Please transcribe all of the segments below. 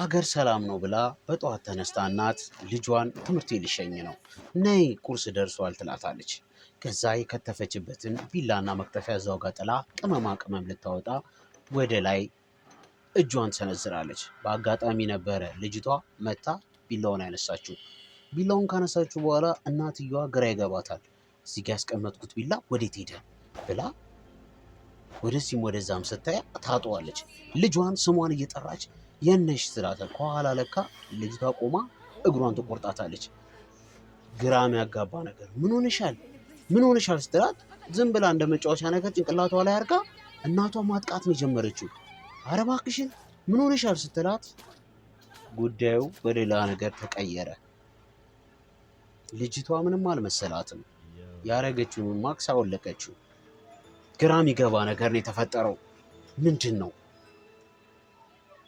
አገር ሰላም ነው ብላ በጠዋት ተነስታ እናት ልጇን ትምህርት ሊሸኝ ነው፣ ነይ ቁርስ ደርሷል ትላታለች። ከዛ የከተፈችበትን ቢላና መክተፊያ እዛው ጋር ጥላ ቅመማ ቅመም ልታወጣ ወደ ላይ እጇን ሰነዝራለች። በአጋጣሚ ነበረ ልጅቷ መታ ቢላውን ያነሳችው። ቢላውን ካነሳችሁ በኋላ እናትየዋ ግራ ይገባታል። እዚህ ጋ ያስቀመጥኩት ቢላ ወዴት ሄደ ብላ ወደዚህም ወደዛም ስታያ ታጠዋለች። ልጇን ስሟን እየጠራች የነሽ ስላት ከኋላ ለካ ልጅቷ ቆማ እግሯን ትቆርጣታለች። ግራም ያጋባ ነገር ምን ሆነሻል ምን ሆነሻል ስትላት ዝም ብላ እንደ መጫወቻ ነገር ጭንቅላቷ ላይ አርጋ እናቷ ማጥቃት ነው የጀመረችው። አረ እባክሽን ምን ሆነሻል ስትላት ጉዳዩ በሌላ ነገር ተቀየረ። ልጅቷ ምንም አልመሰላትም። ያረገችውን ማክስ አወለቀችው። ግራም ይገባ ነገር ነው የተፈጠረው። ምንድን ነው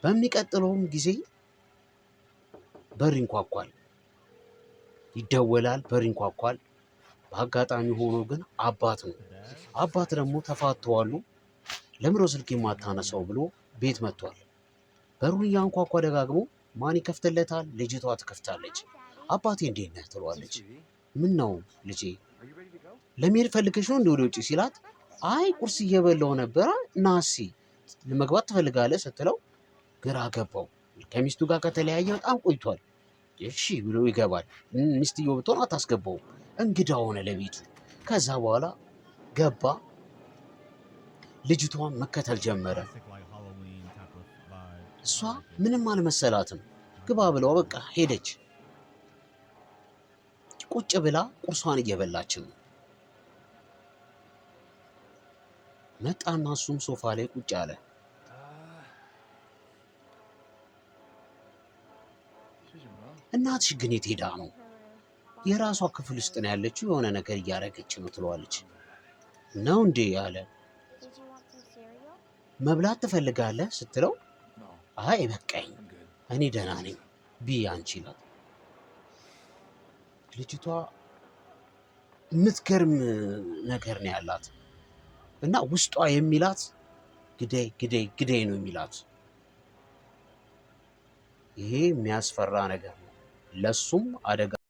በሚቀጥለውም ጊዜ በር ይንኳኳል፣ ይደወላል፣ በር ይንኳኳል። በአጋጣሚ ሆኖ ግን አባት ነው። አባት ደግሞ ተፋተዋሉ። ለምሮ ስልክ የማታነሳው ብሎ ቤት መጥቷል። በሩን እያንኳኳ ደጋግሞ ማን ይከፍትለታል? ልጅቷ ትከፍታለች። አባቴ እንዴት ነህ ትሏለች። ምን ነው ልጄ ለመሄድ ፈልገሽ ነው እንደ ወደ ውጭ ሲላት፣ አይ ቁርስ እየበላው ነበረ ናሲ ለመግባት ትፈልጋለህ ስትለው ግራ ገባው። ከሚስቱ ጋር ከተለያየ በጣም ቆይቷል። እሺ ብሎ ይገባል። ሚስትዮ ብትሆን አታስገባው፣ እንግዳ ሆነ ለቤቱ። ከዛ በኋላ ገባ። ልጅቷን መከተል ጀመረ። እሷ ምንም አልመሰላትም። ግባ ብለው በቃ ሄደች። ቁጭ ብላ ቁርሷን እየበላች ነው። መጣና እሱም ሶፋ ላይ ቁጭ አለ። እናትሽ ግን የት ሄዳ ነው? የራሷ ክፍል ውስጥ ነው ያለችው፣ የሆነ ነገር እያረገች ነው ትለዋለች። ነው እንዴ አለ። መብላት ትፈልጋለህ ስትለው አይ በቃኝ፣ እኔ ደህና ነኝ ብዬ አንቺ ይላት። ልጅቷ የምትገርም ነገር ነው ያላት እና ውስጧ የሚላት ግደይ ግደይ ግደይ ነው የሚላት ይሄ የሚያስፈራ ነገር ነው፣ ለሱም አደጋ